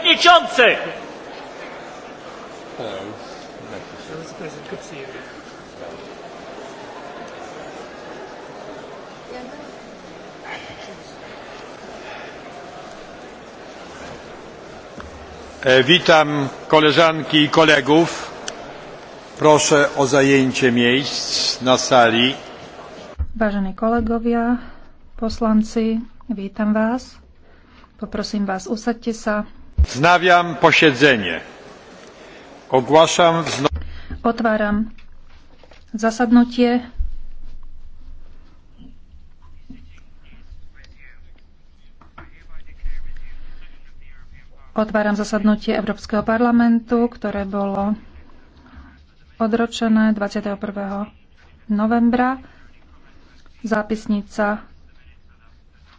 przewodniczący! E, witam koleżanki i kolegów. Proszę o zajęcie miejsc na sali. Vážení kolegovia, poslanci, vítam vás. Poprosím vás, usaďte sa. Znawiam posiedzenie. Ogłaszam wznowienie. Otváram zasadnutie. Otváram zasadnutie Európskeho parlamentu, ktoré bolo odročené 21. novembra. Zápisnica,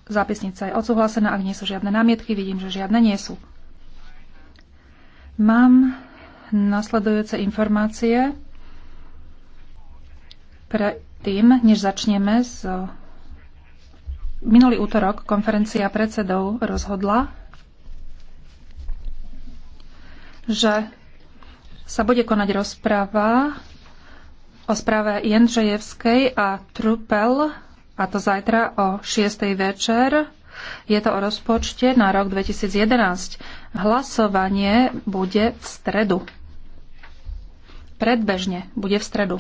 zápisnica je odsúhlasená, ak nie sú žiadne námietky, vidím, že žiadne nie sú. Mám nasledujúce informácie. Predtým, než začneme, z... minulý útorok konferencia predsedov rozhodla, že sa bude konať rozprava o správe Jendřejevskej a Trupel, a to zajtra o 6. večer. Je to o rozpočte na rok 2011. Hlasovanie bude v stredu. Predbežne bude v stredu.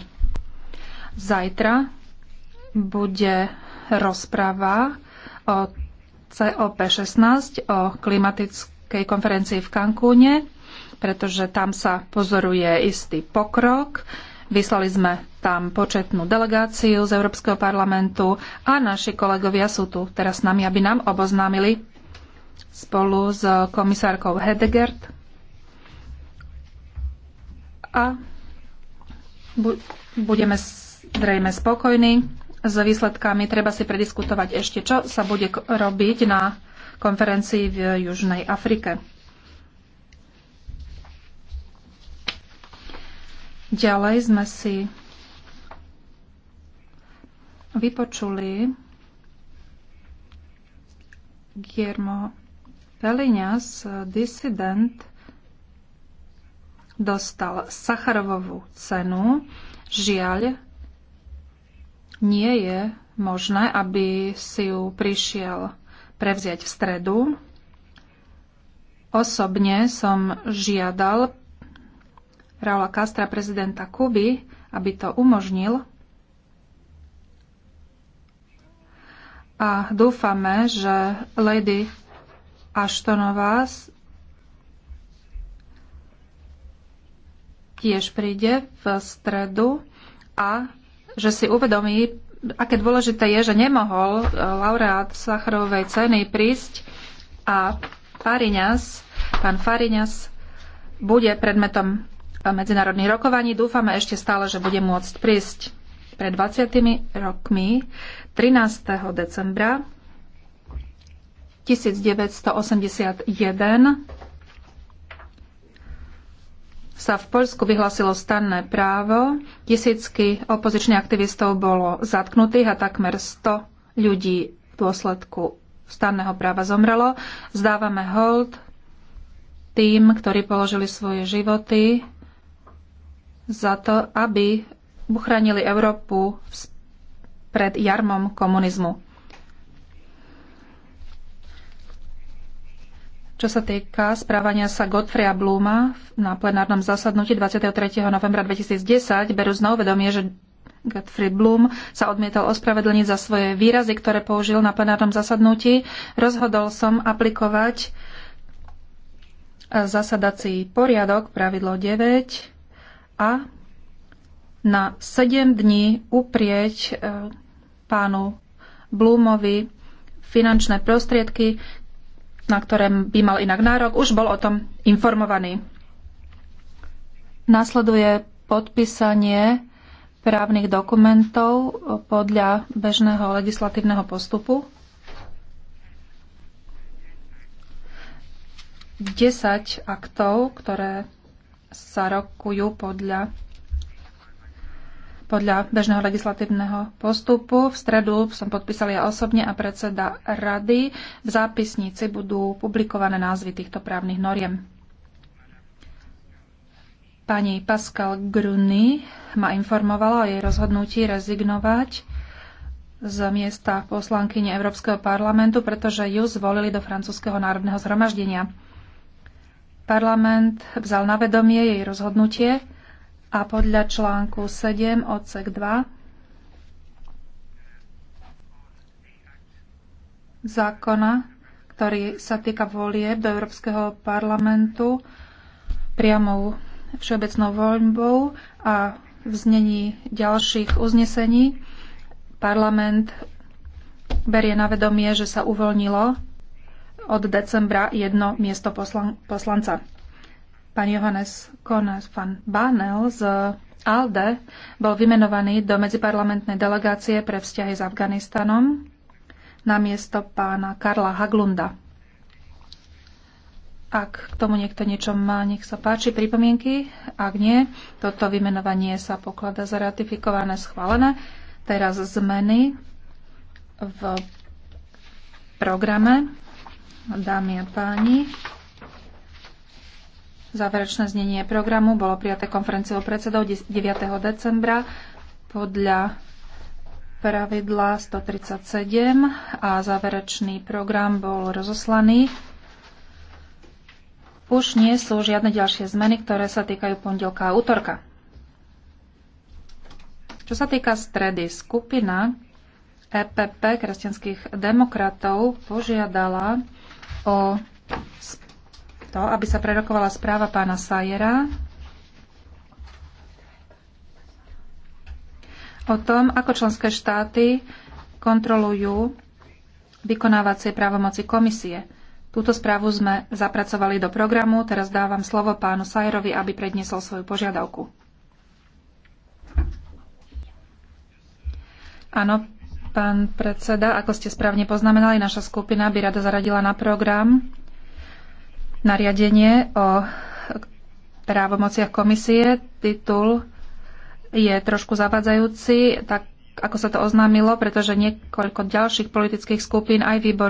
Zajtra bude rozpráva o COP16, o klimatickej konferencii v Cancúne, pretože tam sa pozoruje istý pokrok. Vyslali sme tam početnú delegáciu z Európskeho parlamentu a naši kolegovia sú tu teraz s nami, aby nám oboznámili spolu s komisárkou Hedegert a budeme zrejme spokojní s výsledkami. Treba si prediskutovať ešte, čo sa bude robiť na konferencii v Južnej Afrike. Ďalej sme si vypočuli Guillermo Peliňas, eh, disident, dostal Sacharovovú cenu. Žiaľ, nie je možné, aby si ju prišiel prevziať v stredu. Osobne som žiadal Raula Castra, prezidenta Kuby, aby to umožnil. A dúfame, že Lady vás tiež príde v stredu a že si uvedomí, aké dôležité je, že nemohol e, laureát Sacharovej ceny prísť a Fariňas, pán Fariňas bude predmetom medzinárodných rokovaní. Dúfame ešte stále, že bude môcť prísť pred 20 rokmi 13. decembra 1981 sa v Poľsku vyhlasilo stanné právo, tisícky opozičných aktivistov bolo zatknutých a takmer 100 ľudí v dôsledku stanného práva zomrelo. Zdávame hold tým, ktorí položili svoje životy za to, aby uchránili Európu pred jarmom komunizmu. Čo sa týka správania sa Gottfrieda Bluma na plenárnom zasadnutí 23. novembra 2010, berú znovu vedomie, že Godfrey Blum sa odmietal ospravedlniť za svoje výrazy, ktoré použil na plenárnom zasadnutí. Rozhodol som aplikovať eh, zasadací poriadok, pravidlo 9 a na 7 dní uprieť eh, pánu Blumovi finančné prostriedky, na ktoré by mal inak nárok, už bol o tom informovaný. Nasleduje podpísanie právnych dokumentov podľa bežného legislatívneho postupu. 10 aktov, ktoré sa rokujú podľa podľa bežného legislatívneho postupu. V stredu som podpísal ja osobne a predseda rady. V zápisnici budú publikované názvy týchto právnych noriem. Pani Pascal Gruny ma informovala o jej rozhodnutí rezignovať z miesta poslankyne Európskeho parlamentu, pretože ju zvolili do francúzského národného zhromaždenia. Parlament vzal na vedomie jej rozhodnutie a podľa článku 7 odsek 2 zákona, ktorý sa týka volieb do Európskeho parlamentu priamou všeobecnou voľbou a v znení ďalších uznesení parlament berie na vedomie, že sa uvoľnilo od decembra jedno miesto poslanca. Pán Johannes Konas van Banel z ALDE bol vymenovaný do medziparlamentnej delegácie pre vzťahy s Afganistanom na miesto pána Karla Haglunda. Ak k tomu niekto niečo má, nech sa páči pripomienky. Ak nie, toto vymenovanie sa poklada za ratifikované, schválené. Teraz zmeny v programe. Dámy a páni, Záverečné znenie programu bolo prijaté konferenciou predsedov 9. decembra podľa pravidla 137 a záverečný program bol rozoslaný. Už nie sú žiadne ďalšie zmeny, ktoré sa týkajú pondelka a útorka. Čo sa týka stredy, skupina EPP kresťanských demokratov požiadala o to, aby sa prerokovala správa pána Sajera o tom, ako členské štáty kontrolujú vykonávacie právomoci komisie. Túto správu sme zapracovali do programu. Teraz dávam slovo pánu Sajerovi, aby predniesol svoju požiadavku. Áno, pán predseda, ako ste správne poznamenali, naša skupina by rada zaradila na program nariadenie o právomociach komisie. Titul je trošku zavadzajúci, tak ako sa to oznámilo, pretože niekoľko ďalších politických skupín aj výboru